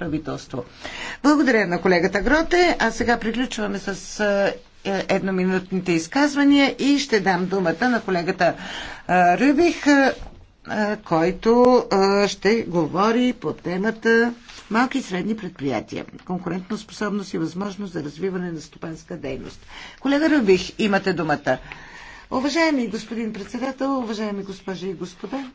правителство. Благодаря на колегата Гроте. А сега приключваме с е, едноминутните изказвания и ще дам думата на колегата Рюбих, който ще говори по темата малки и средни предприятия, конкурентно способност и възможност за развиване на стопанска дейност. Колега Рубих, имате думата. Уважаеми господин председател, уважаеми госпожи и господа,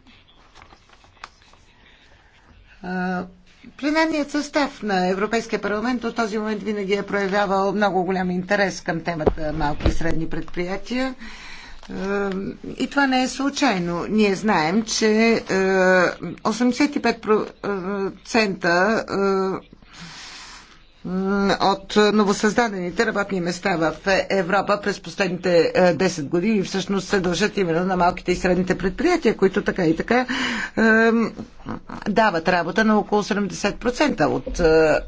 Пленарният състав на Европейския парламент от този момент винаги е проявявал много голям интерес към темата малки и средни предприятия. Е, и това не е случайно. Ние знаем, че 85% е, от новосъздадените работни места в Европа през последните 10 е, години всъщност се дължат именно на малките и средните предприятия, които така и така дават работа на около 70% от е, е,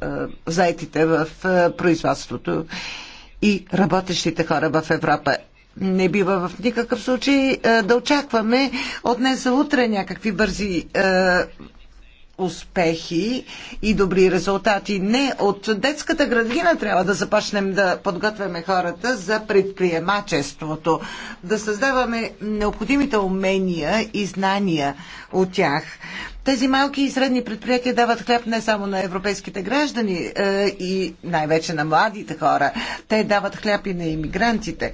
заетите в производството и работещите хора в Европа. Не бива в никакъв случай да очакваме от днес за утре някакви бързи успехи и добри резултати. Не от детската градина трябва да започнем да подготвяме хората за предприемачеството, да създаваме необходимите умения и знания от тях. Тези малки и средни предприятия дават хляб не само на европейските граждани е, и най-вече на младите хора. Те дават хляб и на иммигрантите.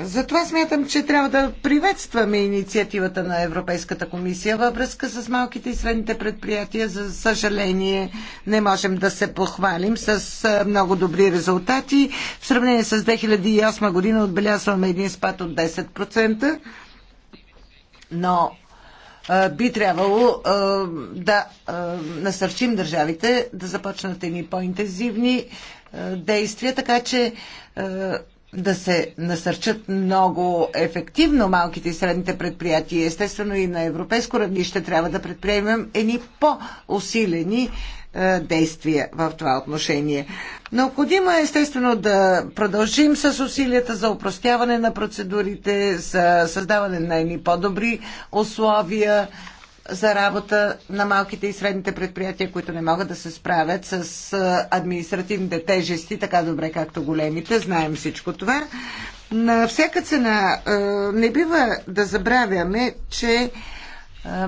Затова смятам, че трябва да приветстваме инициативата на Европейската комисия във връзка с малките и средните предприятия. За съжаление, не можем да се похвалим с много добри резултати. В сравнение с 2008 година отбелязваме един спад от 10%, но би трябвало да насърчим държавите да започнат едни по-интензивни действия, така че да се насърчат много ефективно малките и средните предприятия. Естествено и на европейско равнище трябва да предприемем едни по-усилени е, действия в това отношение. Необходимо е естествено да продължим с усилията за упростяване на процедурите, за създаване на едни по-добри условия за работа на малките и средните предприятия, които не могат да се справят с административните тежести, така добре както големите. Знаем всичко това. На всяка цена не бива да забравяме, че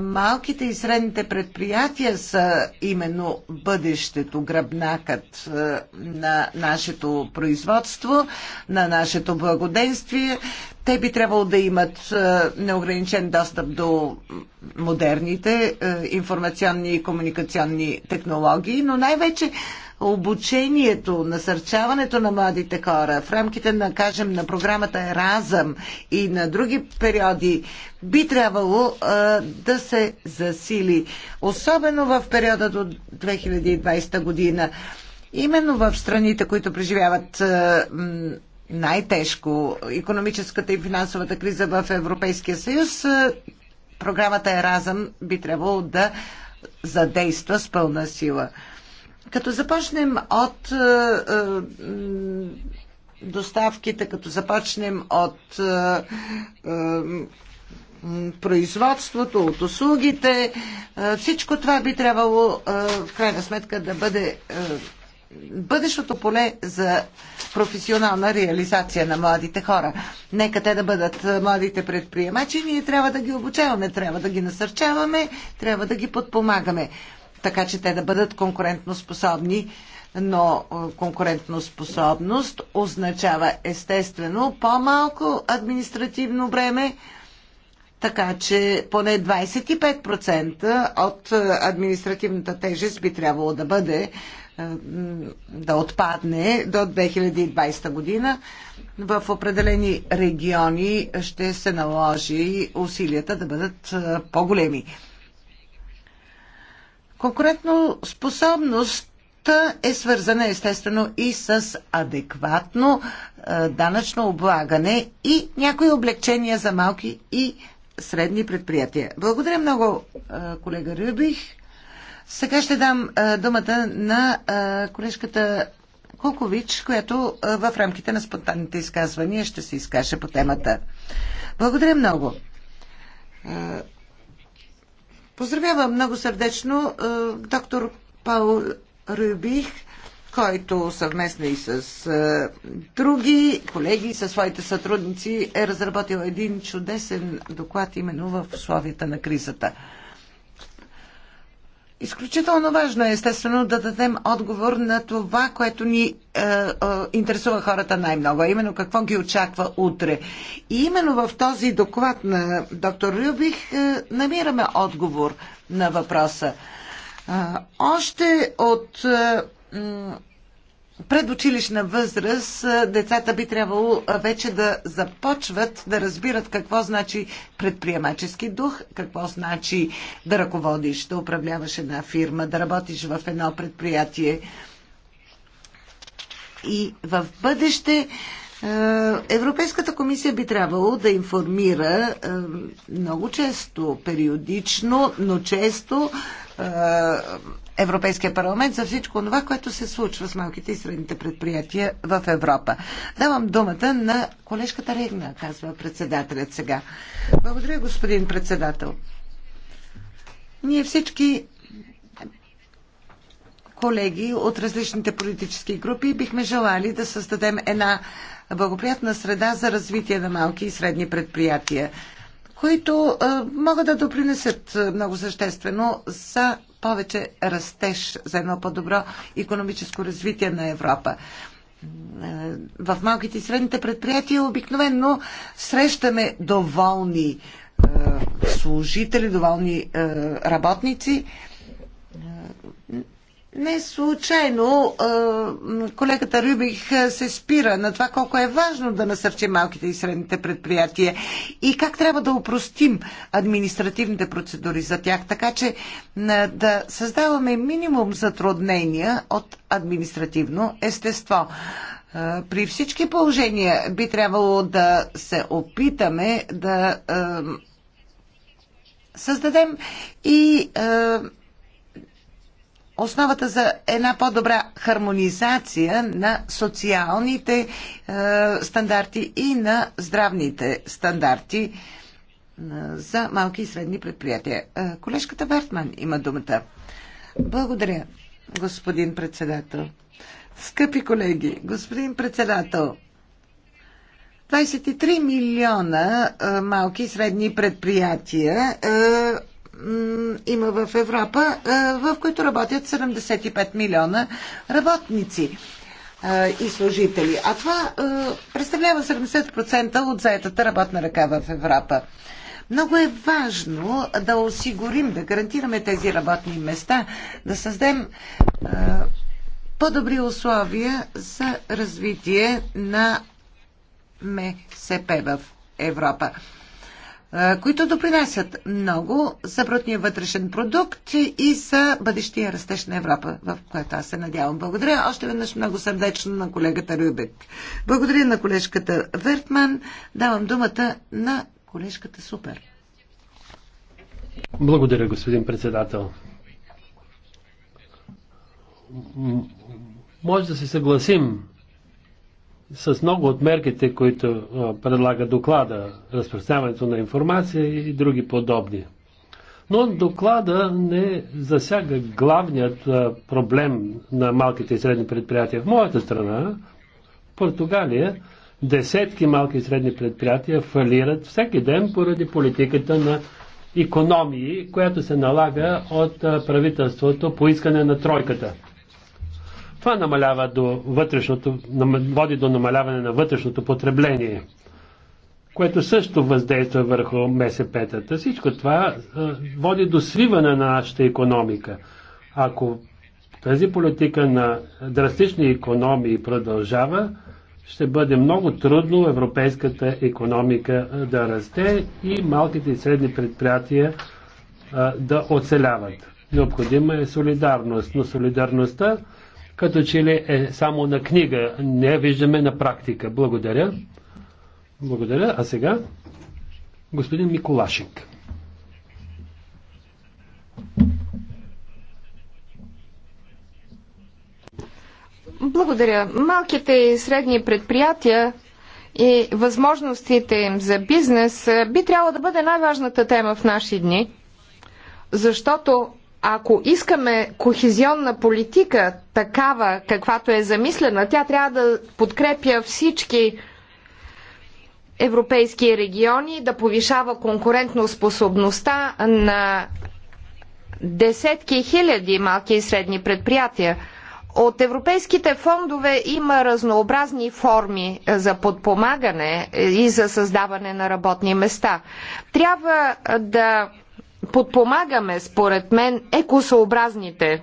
Малките и средните предприятия са именно бъдещето, гръбнакът на нашето производство, на нашето благоденствие. Те би трябвало да имат неограничен достъп до модерните информационни и комуникационни технологии, но най-вече обучението, насърчаването на младите хора в рамките на, кажем, на програмата Еразъм и на други периоди би трябвало а, да се засили, особено в периода до 2020 година. Именно в страните, които преживяват а, най-тежко економическата и финансовата криза в Европейския съюз, а, програмата Еразъм би трябвало да задейства с пълна сила. Като започнем от е, е, доставките, като започнем от е, производството, от услугите, всичко това би трябвало в крайна сметка да бъде бъдещото поле за професионална реализация на младите хора. Нека те да бъдат младите предприемачи, ние трябва да ги обучаваме, трябва да ги насърчаваме, трябва да ги подпомагаме така че те да бъдат конкурентноспособни. Но е, конкурентоспособност означава естествено по-малко административно време. така че поне 25% от е, административната тежест би трябвало да бъде е, да отпадне до 2020 година. В определени региони ще се наложи усилията да бъдат по-големи Конкретно способност е свързана естествено и с адекватно е, данъчно облагане и някои облегчения за малки и средни предприятия. Благодаря много, е, колега Рюбих. Сега ще дам е, думата на колежката Кукович, която в рамките на спонтанните изказвания ще се изкаже по темата. Благодаря много. Поздравявам много сърдечно е, доктор Паул Рюбих, който съвместно и с е, други колеги, със своите сътрудници е разработил един чудесен доклад именно в условията на кризата. Изключително важно е, естествено, да дадем отговор на това, което ни е, е, интересува хората най-много, а именно какво ги очаква утре. И именно в този доклад на доктор Рюбих е, намираме отговор на въпроса. Е, още от. Е, предучилищна възраст децата би трябвало вече да започват да разбират какво значи предприемачески дух, какво значи да ръководиш, да управляваш една фирма, да работиш в едно предприятие. И в бъдеще е, Европейската комисия би трябвало да информира е, много често, периодично, но често е, Европейския парламент за всичко това, което се случва с малките и средните предприятия в Европа. Давам думата на колежката Регна, казва председателят сега. Благодаря, господин председател. Ние всички колеги от различните политически групи бихме желали да създадем една благоприятна среда за развитие на малки и средни предприятия, които могат да допринесат много съществено за повече растеж, за едно по-добро економическо развитие на Европа в малките и средните предприятия обикновено срещаме доволни служители, доволни работници, не случайно колегата Рюбих се спира на това колко е важно да насърчим малките и средните предприятия и как трябва да упростим административните процедури за тях, така че да създаваме минимум затруднения от административно естество. При всички положения би трябвало да се опитаме да създадем и основата за една по-добра хармонизация на социалните е, стандарти и на здравните стандарти е, за малки и средни предприятия. Е, колежката Бертман има думата. Благодаря, господин председател. Скъпи колеги, господин председател, 23 милиона е, малки и средни предприятия е, има в Европа, в които работят 75 милиона работници и служители. А това представлява 70% от заетата работна ръка в Европа. Много е важно да осигурим, да гарантираме тези работни места, да създадем по-добри условия за развитие на МСП в Европа които допринасят много за брутния вътрешен продукт и за бъдещия растеж на Европа, в което аз се надявам. Благодаря още веднъж много сърдечно на колегата Рюбек. Благодаря на колежката Вертман. Давам думата на колежката Супер. Благодаря, господин председател. Може да се съгласим с много от мерките, които предлага доклада, разпространяването на информация и други подобни. Но доклада не засяга главният проблем на малките и средни предприятия. В моята страна, в Португалия, десетки малки и средни предприятия фалират всеки ден поради политиката на економии, която се налага от правителството по искане на тройката. Това намалява до вътрешното, води до намаляване на вътрешното потребление, което също въздейства върху МСП-тата. Всичко това води до свиване на нашата економика. Ако тази политика на драстични економии продължава, ще бъде много трудно европейската економика да расте и малките и средни предприятия да оцеляват. Необходима е солидарност, но солидарността като че ли е само на книга, не я виждаме на практика. Благодаря. Благодаря. А сега господин Миколашик. Благодаря. Малките и средни предприятия и възможностите им за бизнес би трябвало да бъде най-важната тема в наши дни, защото ако искаме кохезионна политика, такава каквато е замислена, тя трябва да подкрепя всички европейски региони, да повишава конкурентноспособността на десетки хиляди малки и средни предприятия. От европейските фондове има разнообразни форми за подпомагане и за създаване на работни места. Трябва да подпомагаме, според мен, екосъобразните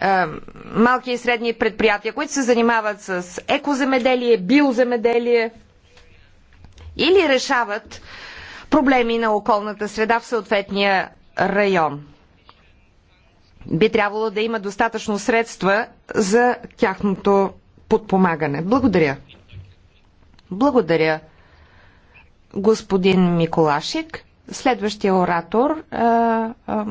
е, малки и средни предприятия, които се занимават с екоземеделие, биоземеделие или решават проблеми на околната среда в съответния район. Би трябвало да има достатъчно средства за тяхното подпомагане. Благодаря. Благодаря, господин Миколашик. Следващия оратор а, е, а, е,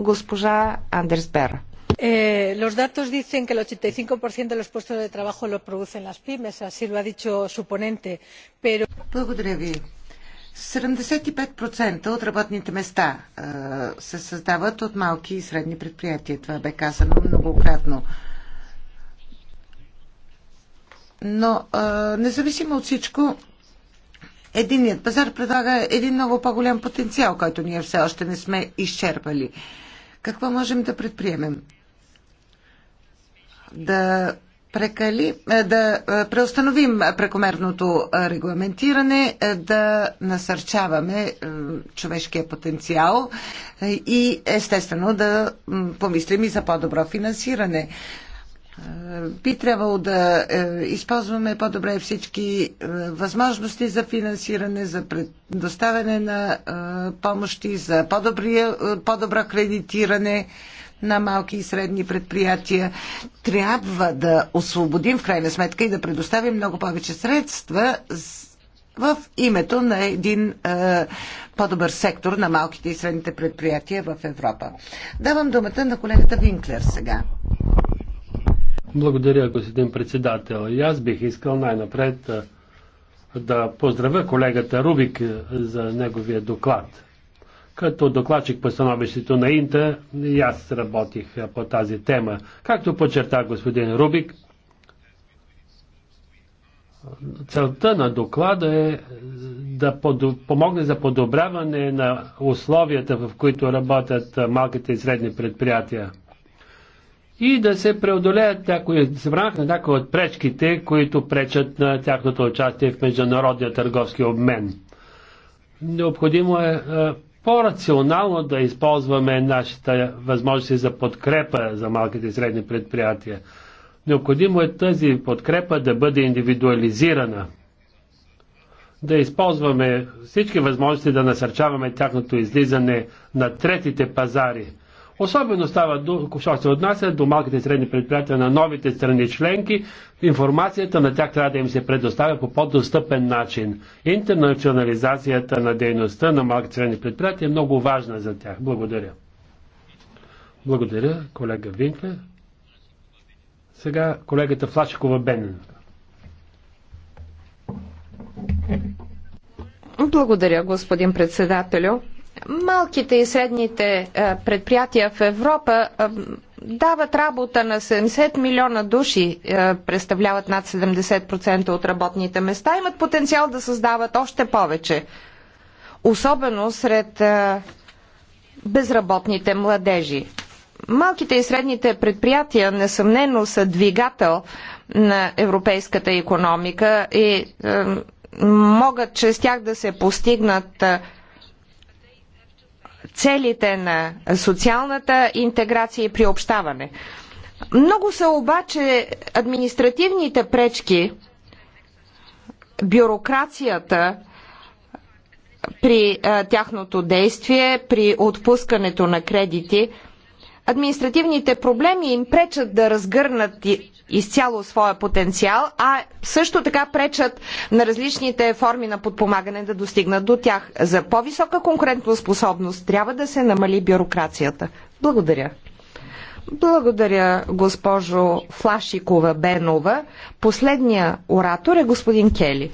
госпожа Андерс Бера. Е, los datos dicen que el 85% de los puestos de trabajo lo producen las pymes, así lo ha dicho su ponente. Pero... Благодаря ви. 75% от работните места се създават от малки и средни предприятия. Това бе казано многократно. Но независимо от всичко, Единият пазар предлага един много по-голям потенциал, който ние все още не сме изчерпали. Какво можем да предприемем? Да прекали, е, да е, преустановим прекомерното регламентиране, е, да насърчаваме човешкия потенциал и естествено да помислим и за по-добро финансиране. Би трябвало да е, използваме по-добре всички е, възможности за финансиране, за предоставяне на е, помощи, за по-добро кредитиране на малки и средни предприятия. Трябва да освободим в крайна сметка и да предоставим много повече средства в името на един е, по-добър сектор на малките и средните предприятия в Европа. Давам думата на колегата Винклер сега. Благодаря, господин председател. И аз бих искал най-напред да поздравя колегата Рубик за неговия доклад. Като докладчик по становището на Инта, и аз работих по тази тема. Както подчерта господин Рубик, целта на доклада е да помогне за подобряване на условията, в които работят малките и средни предприятия и да се преодолеят някои, да се върнах на някои от пречките, които пречат на тяхното участие в международния търговски обмен. Необходимо е, е по-рационално да използваме нашите възможности за подкрепа за малките и средни предприятия. Необходимо е тази подкрепа да бъде индивидуализирана. Да използваме всички възможности да насърчаваме тяхното излизане на третите пазари – Особено става, що се отнася до малките и средни предприятия на новите страни членки, информацията на тях трябва да им се предоставя по по-достъпен начин. Интернационализацията на дейността на малките и средни предприятия е много важна за тях. Благодаря. Благодаря, колега Винкле. Сега колегата Флашикова Бенен. Благодаря, господин председателю. Малките и средните е, предприятия в Европа е, дават работа на 70 милиона души, е, представляват над 70% от работните места, имат потенциал да създават още повече. Особено сред безработните младежи. Малките и средните предприятия несъмнено са двигател на европейската економика и могат чрез тях да се постигнат целите на социалната интеграция и приобщаване. Много са обаче административните пречки, бюрокрацията при а, тяхното действие, при отпускането на кредити. Административните проблеми им пречат да разгърнат изцяло своя потенциал, а също така пречат на различните форми на подпомагане да достигнат до тях. За по-висока конкурентоспособност трябва да се намали бюрокрацията. Благодаря. Благодаря, госпожо Флашикова Бенова. Последния оратор е господин Кели.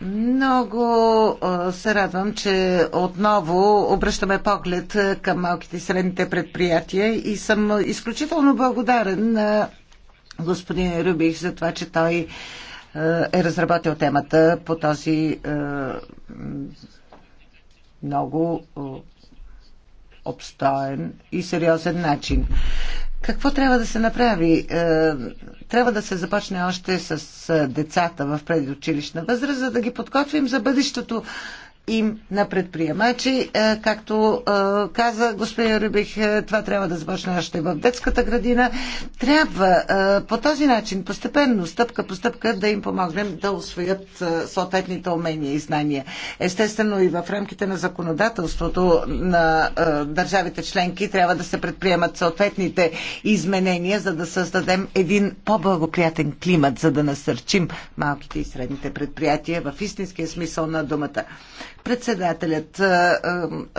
Много се радвам, че отново обръщаме поглед към малките и средните предприятия и съм изключително благодарен на господин Рубих за това, че той е разработил темата по този много обстоен и сериозен начин. Какво трябва да се направи? Е, трябва да се започне още с е, децата в предучилищна възраст, за да ги подготвим за бъдещото им на предприемачи. Е, както е, каза господин Рубих, е, това трябва да започне още в детската градина. Трябва по този начин, постепенно, стъпка по стъпка, да им помогнем да освоят съответните умения и знания. Естествено и в рамките на законодателството на държавите членки трябва да се предприемат съответните изменения, за да създадем един по-благоприятен климат, за да насърчим малките и средните предприятия в истинския смисъл на думата. Председателят, е,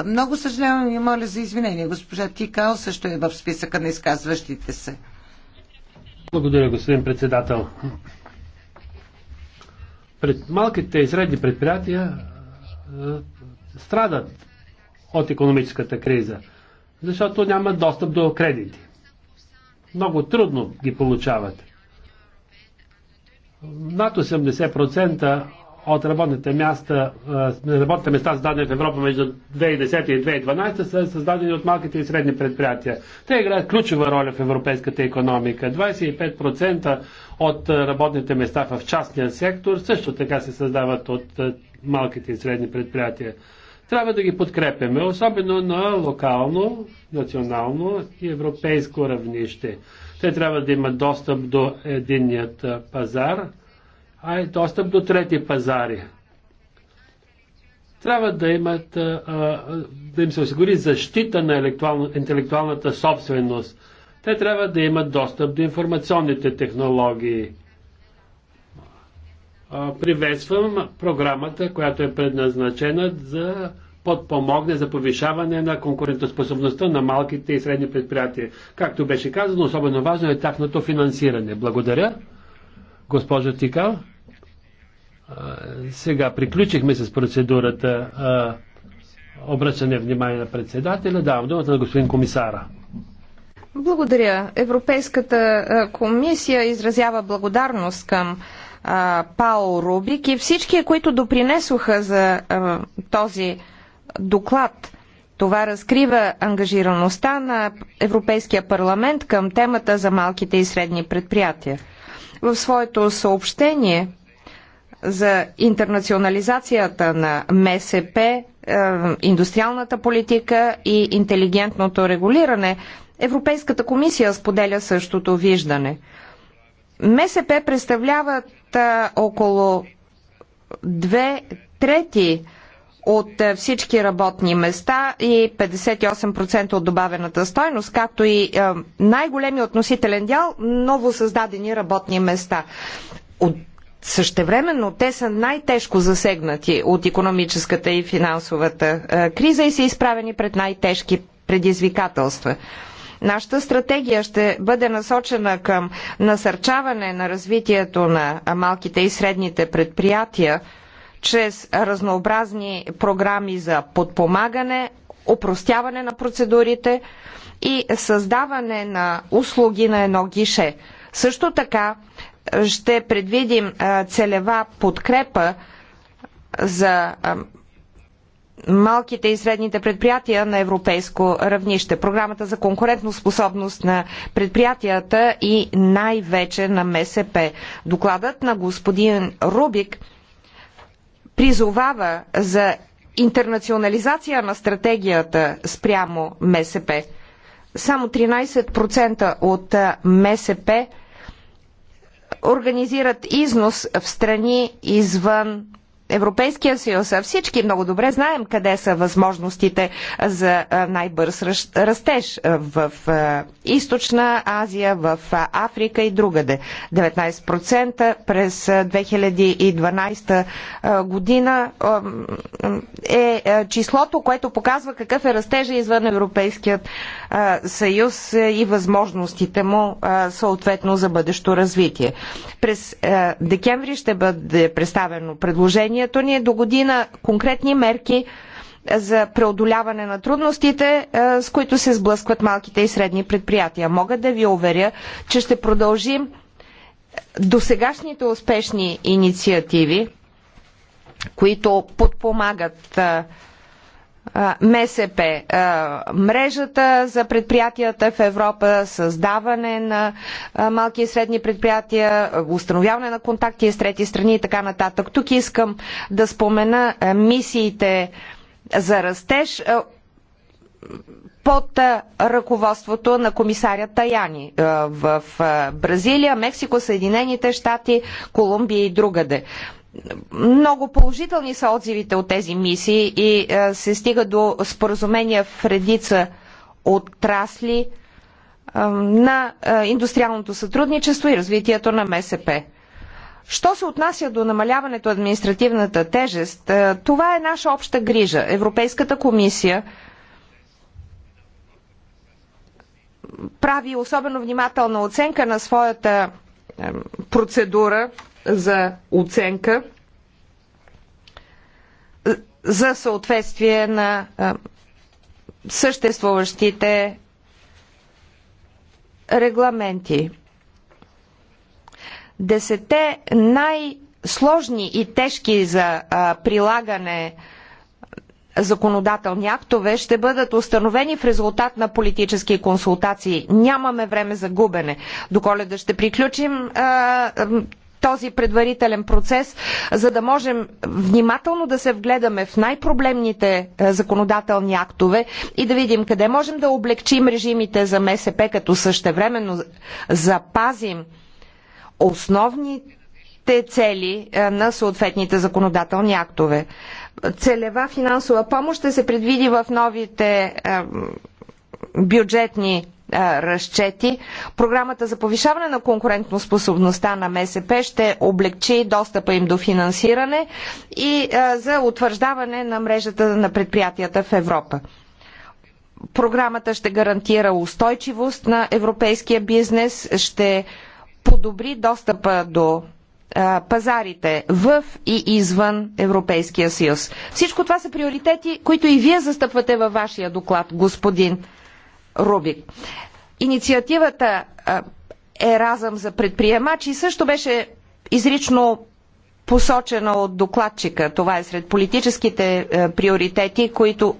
е, много съжалявам и моля за извинение. Госпожа Тикал също е в списъка на изказващите се. Благодаря, господин председател. Пред малките и средни предприятия е, страдат от економическата криза, защото нямат достъп до кредити. Много трудно ги получават. Над 80% от работните места, работните места създадени в Европа между 2010 и 2012 са създадени от малките и средни предприятия. Те играят ключова роля в европейската економика. 25% от работните места в частния сектор също така се създават от малките и средни предприятия. Трябва да ги подкрепяме, особено на локално, национално и европейско равнище. Те трябва да имат достъп до единният пазар, а е достъп до трети пазари. Трябва да, имат, да им се осигури защита на интелектуалната собственост. Те трябва да имат достъп до информационните технологии. Приветствам програмата, която е предназначена за подпомогне за повишаване на конкурентоспособността на малките и средни предприятия. Както беше казано, особено важно е тяхното финансиране. Благодаря. Госпожа Тикал. Сега приключихме с процедурата обръщане внимание на председателя. Давам думата на господин комисара. Благодаря. Европейската комисия изразява благодарност към а, Пао Рубик и всички, които допринесоха за а, този доклад. Това разкрива ангажираността на Европейския парламент към темата за малките и средни предприятия. В своето съобщение за интернационализацията на МСП, е, индустриалната политика и интелигентното регулиране, Европейската комисия споделя същото виждане. МСП представляват около две трети от всички работни места и 58% от добавената стойност, както и най-големи относителен дял новосъздадени работни места. От Същевременно те са най-тежко засегнати от економическата и финансовата е, криза и са изправени пред най-тежки предизвикателства. Нашата стратегия ще бъде насочена към насърчаване на развитието на малките и средните предприятия чрез разнообразни програми за подпомагане, упростяване на процедурите и създаване на услуги на едно гише. Също така ще предвидим целева подкрепа за малките и средните предприятия на европейско равнище, програмата за способност на предприятията и най-вече на МСП. Докладът на господин Рубик призовава за интернационализация на стратегията спрямо МСП. Само 13% от МСП организират износ в страни извън Европейския съюз, а всички много добре знаем къде са възможностите за най-бърз растеж в Източна Азия, в Африка и другаде. 19% през 2012 година е числото, което показва какъв е растежа извън Европейският съюз и възможностите му съответно за бъдещо развитие. През декември ще бъде представено предложение вниманието ни е до година конкретни мерки за преодоляване на трудностите, е, с които се сблъскват малките и средни предприятия. Мога да ви уверя, че ще продължим досегашните успешни инициативи, които подпомагат е, МСП, мрежата за предприятията в Европа, създаване на малки и средни предприятия, установяване на контакти с трети страни и така нататък. Тук искам да спомена мисиите за растеж под ръководството на комисаря Таяни в Бразилия, Мексико, Съединените щати, Колумбия и другаде. Много положителни са отзивите от тези мисии и е, се стига до споразумения в редица отрасли е, на е, индустриалното сътрудничество и развитието на МСП. Що се отнася до намаляването административната тежест, това е наша обща грижа. Европейската комисия прави особено внимателна оценка на своята процедура за оценка за съответствие на съществуващите регламенти. Десете най-сложни и тежки за прилагане законодателни актове ще бъдат установени в резултат на политически консултации. Нямаме време за губене. До коледа ще приключим този предварителен процес, за да можем внимателно да се вгледаме в най-проблемните е, законодателни актове и да видим къде можем да облегчим режимите за МСП, като същевременно запазим основните цели е, на съответните законодателни актове. Целева финансова помощ ще се предвиди в новите е, бюджетни разчети, програмата за повишаване на конкурентоспособността на МСП ще облегчи достъпа им до финансиране и за утвърждаване на мрежата на предприятията в Европа. Програмата ще гарантира устойчивост на европейския бизнес, ще подобри достъпа до пазарите в и извън Европейския съюз. Всичко това са приоритети, които и вие застъпвате във вашия доклад, господин Рубик. Инициативата Еразъм за предприемачи също беше изрично посочена от докладчика. Това е сред политическите приоритети, които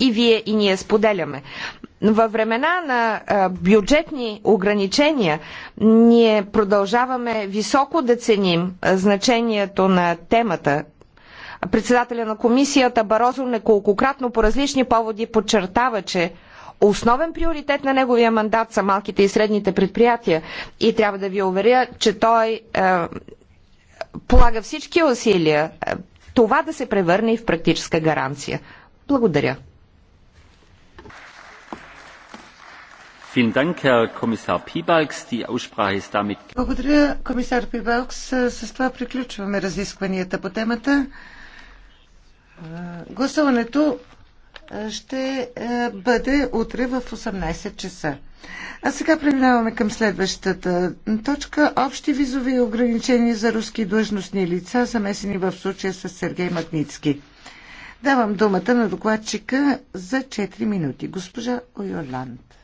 и вие, и ние споделяме. Във времена на бюджетни ограничения ние продължаваме високо да ценим значението на темата. Председателя на комисията Барозо неколкократно по различни поводи подчертава, че Основен приоритет на неговия мандат са малките и средните предприятия и трябва да ви уверя, че той е, полага всички усилия е, това да се превърне и в практическа гаранция. Благодаря. Благодаря, комисар Пибалкс. С това приключваме разискванията по темата. Е, гласуването ще е, бъде утре в 18 часа. А сега преминаваме към следващата точка. Общи визови ограничения за руски длъжностни лица, замесени в случая с Сергей Магницки. Давам думата на докладчика за 4 минути. Госпожа Ойоланд.